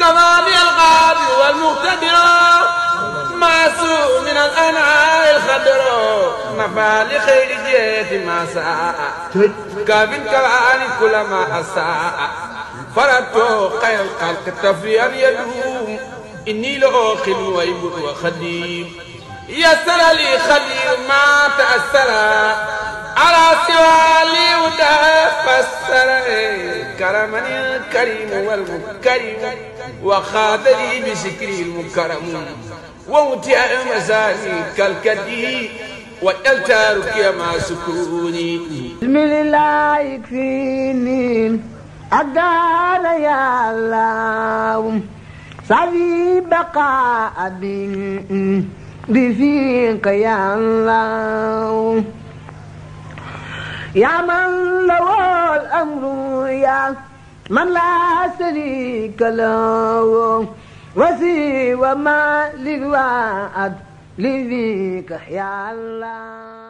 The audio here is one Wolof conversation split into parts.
كما بالغاب والمقتدر معسو من الأنعاء الخضر نفى لخير جيت ما ساء كاب كواني كل ما أساء فردت خير الخلق تفريا يدوم إني لأوخل ويبد وخديم يسر لي خليل ما تأثر على سوى لي ودا فسر الكرم يا الكريم والمكرم وخاض لي بشكري المكرم وأوتي مساني كالكدي والتارك مع سكوني بسم الله يكفيني أدار يا الله صلي بقاء بفيق يا الله يا من لو والأمر يا من لا شريك له وسوى ما للوعد لذيك يا الله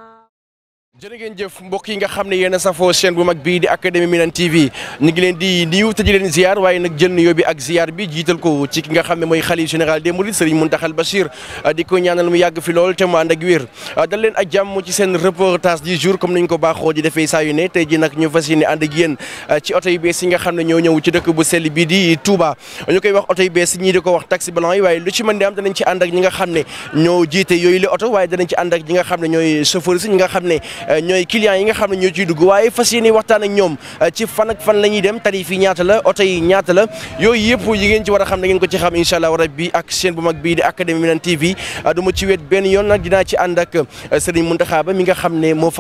jërë ngeen jëf mbokk yi nga xam ne yéen a safoo chaîne bu bii di académie Minane TV ñu ngi leen di nuyu te di leen ziar waaye nag jël nuyoo bi ak ziar bi jiital ko ci ki nga xam ne mooy xalif général des mourides Serigne Mountakha Bachir ah, di ko ñaanal mu yàgg fi lool te mu ak wér ah, dal leen ak jàmm ci seen reportage du jour comme nañ ko baaxoo di defee saa ne tey ji nag ñu fas yéene ak yéen ah, oto yu nga xam ne ñoo ñëw ci dëkk bu sell bii di Touba ñu koy wax oto yu ko wax taxi blanc yi waaye ci mën am danañ ci ànd nga xam ne ñoo jiite yooyu la oto waaye danañ ci ànd ak nga xam ne ñooy chauffeur si ñi nga xam ne Euh, ñooy clients yi nga xam ne ñoo ciy dugg waaye fas yéene waxtaan ak ñoom euh, ci fan dem tarif yi ñaata la oto yi ñaata yi ngeen a xam ne ngeen ko ci xam incha allah rabbi ak seen bu mag bii di académie Minane TV euh, du ma ci wet benn yoon ci ànd ak Serigne mi nga xam ne moo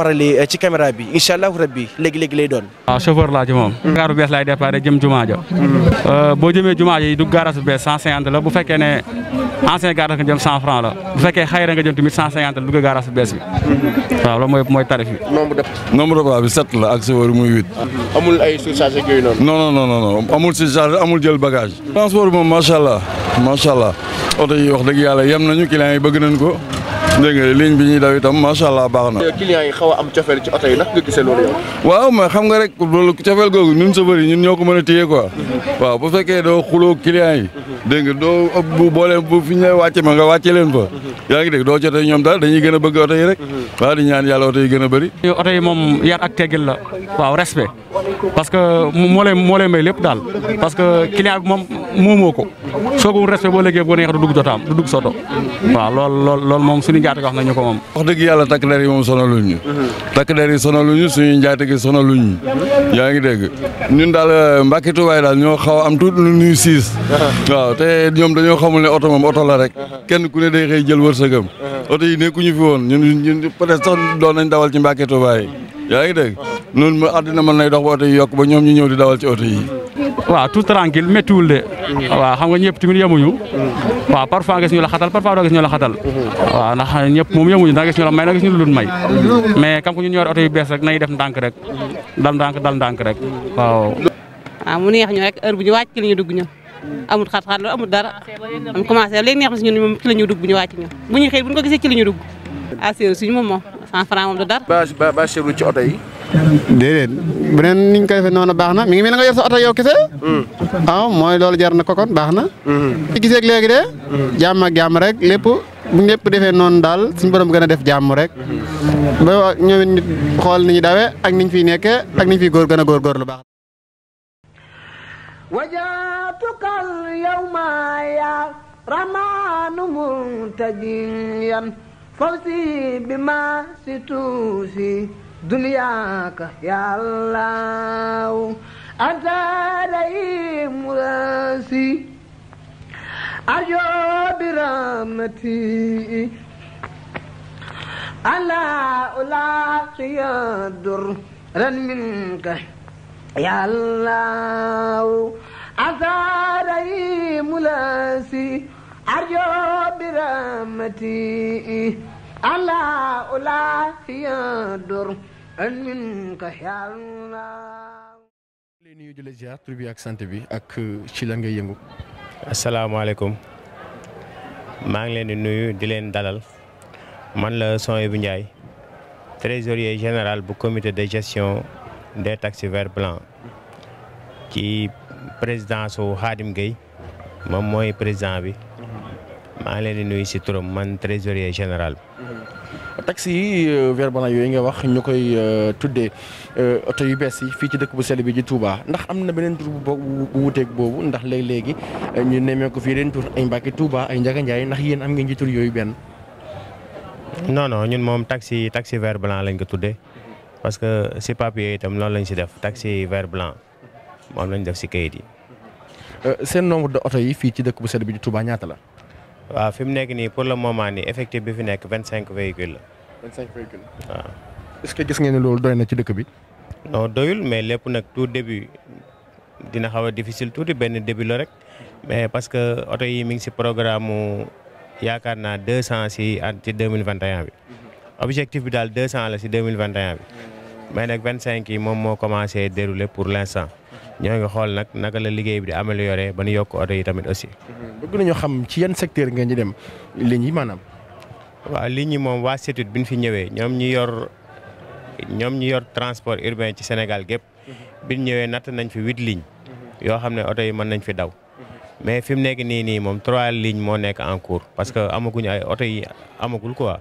ci caméra bi incha allah rabbi léegi doon. waaw ah, chauffeur laa mm. mm. boo jëmee jumaa ja yi du garage bees 150 la bu fekkee ne ancien garage nga la bu fekkee xayra nga jëm tamit 150 la dugg bu bees bi mm. waaw loolu mooy mooy tarif ñaari fi nombre de nombre de plat bi sept la ak chauffeur muy huit amul ay surcharge ak yooyu noonu non non non non amul surcharge amul jël bagage transport bi moom macha allah macha allah oto yi wax dëgg yàlla yem nañu clients yi bëgg nañ ko dégg nga ligne bi ñuy daw itam allah baax na. clients yi xaw a am cofeel ci oto yi nag nga gisee waaw mais xam nga rek loolu cofeel googu ñun chauffeur ñun ñoo ko mën a téye quoi mhm. waaw bu fekkee doo xuloo clients yi dégg nga doo bu boo leen bu fi ñu ma nga wàcce leen fa yaa ngi dégg doo jotee ñoom daal dañuy gën a bëgg oto yi rek waaw di ñaan yàlla oto yi gën a bëri moom yar ak teggil la waaw respect parce que moo leen moo leen may lépp daal parce que client moom moomoo ko soo ko respect boo léegi boo neex du dugg jotaam du dugg soto waaw lool lool lool moom suñu njaate wax nañu ko moom wax dëgg yàlla takk der yi moom sonaluñ ñu takk yi sonaluñ ñu suñu njaate gi sonaluñ ñu yaa ngi dégg ñun daal euh, Mbàkke Tubaay ñoo xaw am tuuti lu ñuy siis waaw te ñoom dañoo xamul ne oto moom oto la rek kenn ku ne day xëy jël wërsëgam oto yi nekkuñu fi woon ñun ñun peut-être sax doon nañ dawal ci Mbàkke Tubaay yaa ngi dégg noonu àddina mën nay dox ba oto yi yokk ba ñoom ñu ñëw di dawal ci oto yi waaw tout tranquille méttiwul de waaw xam nga ñëpp tamit yemuñu mm-hmm. waaw parfois gis ñu la xatal parfois doo gis ñu la xatal mm-hmm. waaw ndax ñëpp moom yemuñu da gis ñu la may na gis ñu lu may mm-hmm. mais kam ko ñu ñëwee oto yu bees rek nañuy def ndànk rek dal ndànk dal ndànk rek waaw waaw ah, neex ñu rek heure bu ñu wàcc ci la ñu dugg ñu amul xat-xat loolu amul dara am commencé léegi neex na si ñun moom ci la ñu dugg bu ñu wàcc ñu bu ñu xëy bu ñu ko gisee ci la ñu dugg assuré ah, suñu moom du dara yi déedéet beneen niñ koy defee noonu baax na mi ngi mel ne nga yor sa oto yow kese. ah mooy loolu jar na ko kon baax na. ci hmm. gisee léegi de. jàmm ak rek lépp bu lépp defee noonu daal suñu borom gën a def jàmm rek. Hmm. ba ñoom nit xool ni ñu dawee ak niñ fi nekkee ak niñ fiy góor gën a góorgóor lu baax. wajatukal yawma ya ramanu muntajiyan دنياك يا الله أنت لي مراسي أرجو برحمتي ألا ألاقي درا منك يا الله أنت لي مراسي أرجو برحمتي ألا ألاقي درا lay nuyu di la ziar tur bi ak sant bi ak euh, ci la ngay yëngu asalaamaaleykum maa ngi leen di nuyu di leen dalal man la bu Ndiaye trésorier général bu comité de gestion des taxis verts blancs ci présidence su Khadim Gueye moom mooy président bi maa ngi leen di nuyu si turam man trésorier général taxi yi euh, verbalin yooyu nga wax ñu koy euh, tuddee euh, oto yu bees yi fii ci dëkk bu sell bi ji Touba ndax am na beneen tur bu wuteeg boobu ndax léeg-léegi ñu nemmee fii leen tur ay Mbàkke ay Njaga Njaay ndax yéen am ngeen ci tur yooyu benn. non non ñun moom taxi taxi vert blanc lañ ko tuddee parce que si papier itam loolu lañ si def taxi vert blanc moom lañ def si kayit yi. seen nombre de oto yi fii ci dëkk bu sell bi ji ñaata la. waaw fi mu nekk nii pour le moment nii effectif bi fi nekk vingt cinq véhicules la. 25 véhicules. waaw est-ce que gis ngeen ne loolu doy na ci dëkk bi. non doyul mais lépp nag tout début dina xaw a difficile tuuti benn début la rek mais parce que oto yi mi ngi si programme mu yaakaar naa 200 si at ci 2021 bi. Mm-hmm. objectif bi daal 200 la si 2021 bi. Mm. mais nag 25 yi moom moo commencé dérouler pour l'instant mm-hmm. ñoo ngi xool nag naka la liggéey bi di amélioré ba nu yokk oto yi tamit aussi. Mm-hmm. bëgg nañu xam ci yan secteur nga di dem li ñi maanaam. waaw lii ñi moom waa CETUD bi ñu fi ñëwee ñoom ñu yor ñoom ñu yor transport urbain ci Sénégal gépp mhm. bi ñëwee natt nañ fi huit lignes mhm. yoo xam ne oto yi mën nañ fi daw mhm. mais fi mu nekk nii nii moom trois lignes moo nekk en parce que amaguñu ay oto yi amagul quoi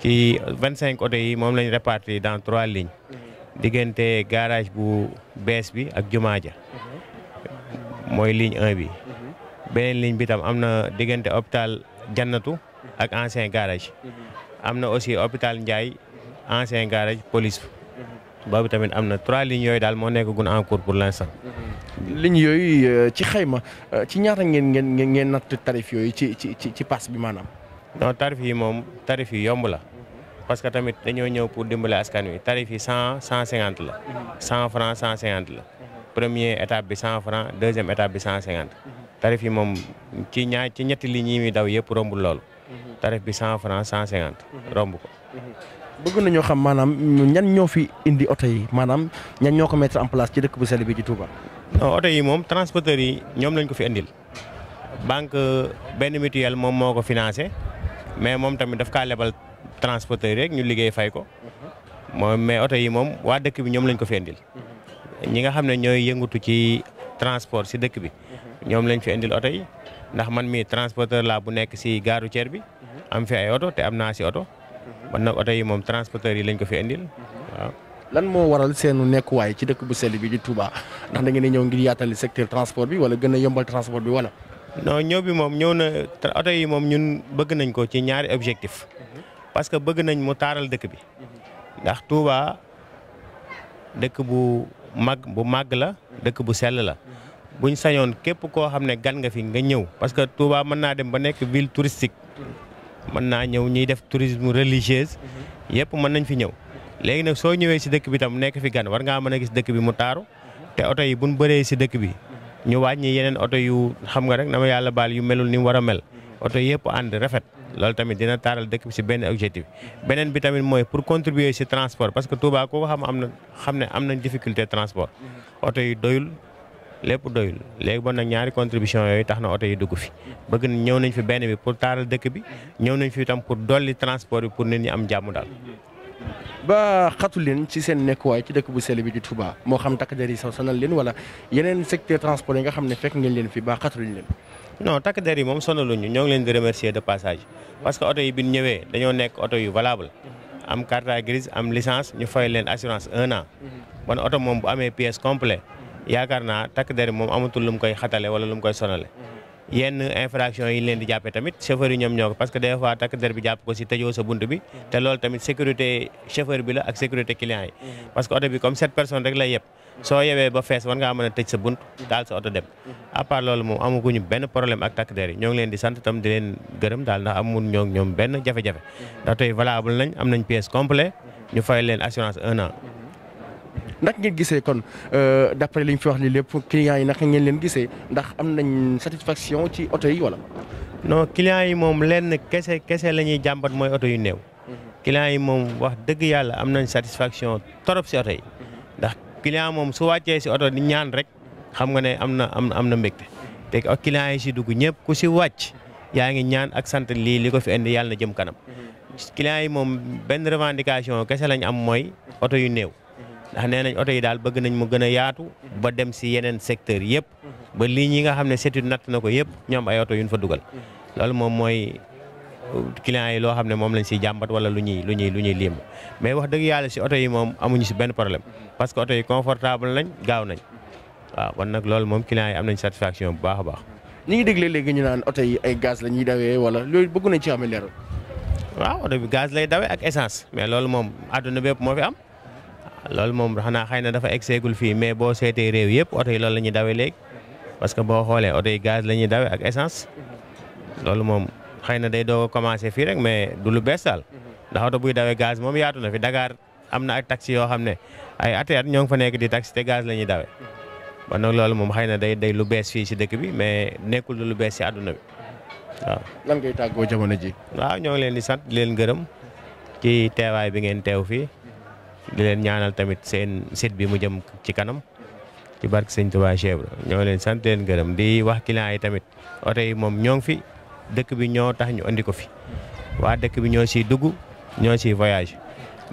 ci vingt cinq oto yi moom lañ répartir dans trois lignes diggante garage bu bees bi ak jumaa ja mooy ligne 1 bi beneen ligne bi tam am na diggante hôpital jannatu ak ancien garage. Mhm. am na aussi hôpital Ndiaye ancien garage police. Mhm. boobu tamit am na trois ligne yooyu daal moo nekk gun en cours pour l'instant. Mhm. lignes yooyu euh, ci xayma euh, ci ñaata ngeen ngeen ngeen natt tarif yooyu ci ci ci pass bi maanaam. non tarif yi moom tarif yi yomb la. parce que tamit dañoo ñëw pour dimbale askan wi tarif yi cent cent cinquante la. cent franc cent cinquante la. premier étape bi cent franc deuxième étape bi cent cinquante. tarif yi moom ci ñaar ci ñetti lignes yi muy daw yëpp rombul loolu. tarif bi cent franc cent cinquante. Mhm. romb ko. Mhm. bëgg nañoo xam maanaam ñan ñoo fi indi oto yi maanaam ñan ñoo ko mettre en place ci dëkk bu sell bi ci Touba. oto yi moom transporteurs yi ñoom lañ ko fi indil banque benn mutuelle moom moo ko financé mais moom tamit daf kaa lebal transporteurs yi rek ñu liggéey fay ko mhm. moom mais oto yi moom waa dëkk bi ñoom lañ ko fi indil. ñi nga xam ne ñoo yëngatu ci transport si dëkk bi ñoom lañ fi indil oto yi ndax man mii transpo laa bu nekk si gare routière bi. am fi ay oto te am naa si oto. man mhm. nag oto yi moom transporteurs yi lañ ko fi indil mhm. waaw. lan moo waral seen seenu nekkuwaay ci dëkk bu sell bi di Touba ndax da ngeen ñëw ngir yaatal secteur transport bi wala gën a yombal transport bi wala. ñëw bi moom ñëw na oto yi moom ñun bëgg nañ ko ci ñaari objectif mhm. parce que bëgg nañ mu taaral dëkk bi ndax Touba dëkk bu mag bu màgg la dëkk bu sell la buñ sañoon képp koo xam ne gan nga fi nga ñëw parce que Touba naa dem ba nekk ville touristique mën naa ñëw ñuy def tourisme religieuse yëpp mën nañ fi ñëw léegi nag soo ñëwee si dëkk bi tam nekk fi gan war ngaa mën a gis dëkk bi mu taaru te oto yi buñ bëree si dëkk bi ñu wàññi yeneen oto yu xam nga rek na ma yàlla baal yu melul ni mu war a mel oto yëpp ànd rafet loolu tamit dina taaral dëkk bi si benn objectif beneen bi tamit mooy pour contribuer si transport parce que Touba koo xam am na xam ne am nañ difficulté transport oto yi lépp doyul léegi bon nag ñaari contribution yooyu tax na oto yi dugg fi bëgg ñëw nañ fi benn bi pour taaral dëkk bi ñëw nañ fi itam pour dolli transport bi pour nit ñi am jàmm daal. ba xatu leen ci seen nekk nekkuwaay ci dëkk bu sell bi di Touba moo xam takk der yi saw sonal leen wala yeneen secteur transport yi nga xam ne fekk ngeen leen fi ba xatuluñ leen. non takk der yi moom sonaluñu ñoo ngi leen di remercier de passage parce que oto yi bi ñëwee dañoo oto yu valable. am carte ñu fay leen assurance un mhm. moom bu amee pièce yaakaar naa takk der moom amatul lu mu koy xatale wala lu mu koy sonale yenn infraction yi leen di jàppee tamit chauffeur yi ñoom ñoo parce que des fois takk der bi jàpp ko si tëjoo sa bunt bi te loolu tamit sécurité chauffeur bi la ak sécurité client yi parce que oto bi comme sept personnes rek lay yëpp soo yewee ba fees war ngaa mën a tëj sa bunt daal sa oto dem à part loolu moom amaguñu benn problème ak takk der yi ñoo ngi leen di sant tam di leen gërëm daal ndax amun ñoo benn jafe-jafe ndax tey nañ am nañ pièce complet ñu leen assurance un an ndax ngeen gisee kon euh, d'après li ñu fi wax ni lépp clients yi naka ngeen leen gisee ndax am nañ satisfaction ci oto yi wala. non clients yi moom lenn kese kese la ñuy jàmbat mooy oto yu néew. Mhm. clients yi moom wax dëgg yàlla am nañ satisfaction torop si yi. Mhm. ndax client moom su wàccee si oto di ñaan rek xam nga ne am na am na mbégte te ak clients yi si dugg ñëpp ku si wàcc yaa ngi ñaan ak sant lii li ko fi indi yàlla na jëm kanam. Mhm. clients yi moom benn revendication kese lañ am mooy oto yu néew. ndax nee nañ oto yi daal bëgg nañ mu gën a yaatu ba dem si yeneen secteur yëpp ba lii ñi nga xam ne seetu natt na ko yëpp ñoom ay oto yu ñu fa dugal loolu moom mooy uh, clients yi loo xam ne moom lañ siy jàmbat wala lu ñuy lu ñuy lu ñuy lim mais wax dëgg yàlla si oto yi moom amuñu si benn problème parce que oto yi confortable nañ gaaw nañ waaw kon nag loolu moom clients yi am nañ satisfaction bu baax a baax. ñi ngi déglee léegi ñu naan oto yi ay gaz la ñuy dawee wala loolu bëgg nañ ci amee leeral. waaw oto bi gaz lay dawee ak essence mais loolu moom àdduna bépp moo fi am. loolu moom xanaa xëy na dafa egseegul fii mais boo seetee réew yëpp oto yi lool la ñuy dawee léegi parce que boo xoolee oto yi gaz la ñuy dawee ak essence loolu moom xëy na day doog a commencé fii rek mais du lu bees daal ndax oto buy dawee gaz moom yaatu na fi Dakar am na ak taxi yoo xam ne ay at at ñoo ngi fa nekk di taxi te gaz la ñuy dawee ba nag loolu moom xëy na day day lu bees fii si dëkk bi mais nekkul lu bees si àdduna bi waaw. lan ngay jamono ji. ñoo leen di sant leen gërëm ci teewaay bi ngeen teew fii. di leen ñaanal tamit seen site bi mu jëm ci kanam ci barke sëñ Tuubaa Cheikh ñoo leen sant gërëm di wax client yi tamit oto moom ñoo ngi fi dëkk bi ñoo tax ñu andi ko fi waa dëkk bi ñoo siy dugg ñoo siy voyage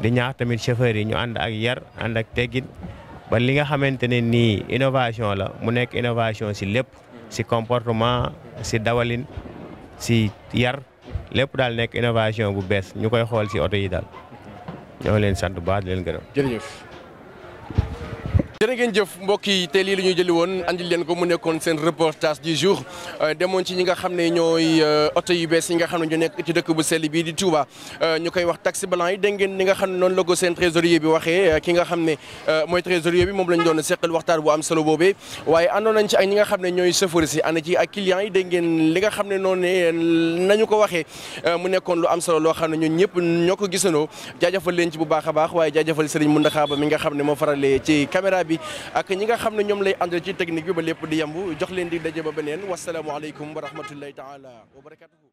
di ñaax tamit chauffeur yi ñu ànd ak yar ànd ak teggin ba li nga xamante ne nii innovation la mu nekk innovation si lépp si comportement si dawalin si yar lépp daal nekk innovation bu bees ñu koy xool si oto yi daal ñoo leen sant bu baax leen gërëm. jërëjëf. jërë ngeen jëf mbokk yi te lii la ñuy woon andil leen ko mu nekkoon seen reportage du jour euh, demoon ci ñi nga xam ne ñooy euh, oto yu bees yi nga xam ne ñu nekk ci dëkk bu sell bii di Touba euh, ñu koy wax taxi blanc nga xam ne noonu la ko seen trésorier bi waxee ki nga xam ne mooy trésorier bi moom lañ doon seqal waxtaan bu am solo boobee waaye àndoon nañ ñi nga xam ne ñooy chauffeur si ànd ci ak clients yi li nga xam ne noonu ne nañu ko waxee mu nekkoon lu am solo loo xam ne ñun ñëpp ñoo ko gisanoo jaajëfal leen ci bu baax a baax waaye jaajëfal Serigne Mountakha Ba mi nga xam ne moo farale bi ak ñi nga xam ne ñoom lay àndal ci technique bi ba lépp di yemb jox leen di daje ba beneen wasalaamualeykum wa rahmatullahi taala wa barakatuhu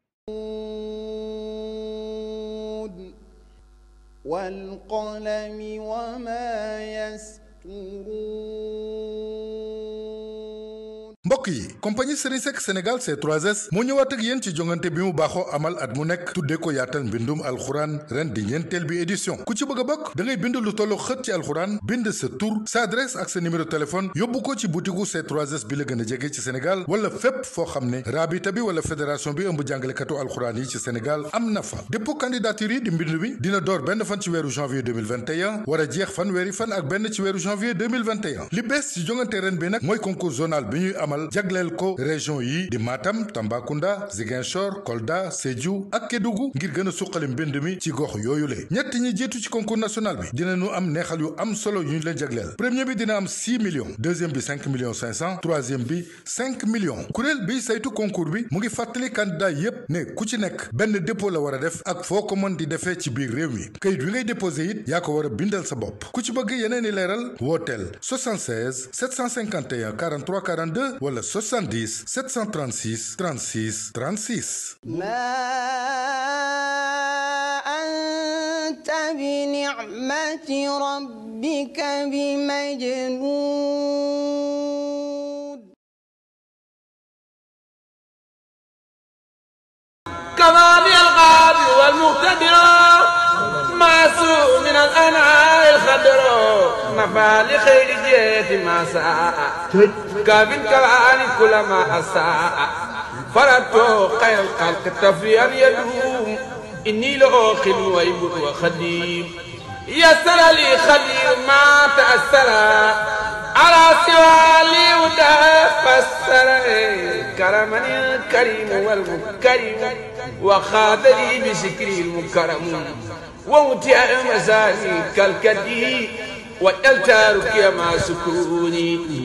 wal qalami wa ma yasturuun mbokk yi compagnie Serigne Seck Sénégal c 3 moo ñëwaat ak yéen ci jongante bi mu baaxoo amal at mu nekk tuddee ko yaatal mbindum alxuraan ren di ñeenteel bi édition ku ci bëgg a bokk da bind lu tollu xët ci alxuraan bind sa tur sa adresse ak sa numéro téléphone yóbbu ko ci butiku c 3 bi la gën a jege ci Sénégal wala fépp foo xam ne raabita bi wala fédération bi ëmb jàngalekatu alxuraan yi ci Sénégal am na fa dépôt candidature yi di mbind bi dina door benn fan ci weeru janvier 2021 a jeex fan weeri fan ak benn ci weeru bi nag mooy concours zonal bi ñuy am amal jagleel ko région yi di Matam Tambacounda Ziguinchor Kolda Sédhiou ak Kédougou ngir gën a suqali mbind mi ci gox yooyu le ñett ñi jeetu ci concours national bi dinañu am neexal yu am solo yu ñu leen jagleel premier bi dina am 6 millions deuxième bi 5 millions 500 troisième bi 5 millions kuréel bi saytu concours bi mu ngi fàttali candidat yépp ne ku ci nekk benn dépo la war a def ak foo ko mën di defee ci biir réew mi kayit wi ngay déposé it yaa ko war a bindal sa bopp ku ci bëgg yeneen i leeral wooteel 76 751 43 42 wala 70 736 36 36. anta bi ni'mati rabbika bi majnuun. kamaa bi al-ghaadi wal-muqtadiri maasuun min al-an'aami al-xadri المصطفى لخير جهة ما ساء كافٍ كوان كل ما أساء فردت خير الخلق تفريا يدوم إني لأوخل ويمر وخديم يسر لي خدير ما تأثر على سوى لي ودا فسر كرمني الكريم والمكرم وخاذلي بشكري المكرم وأوتي مساني كالكدي واجعل تاركي مع سكوني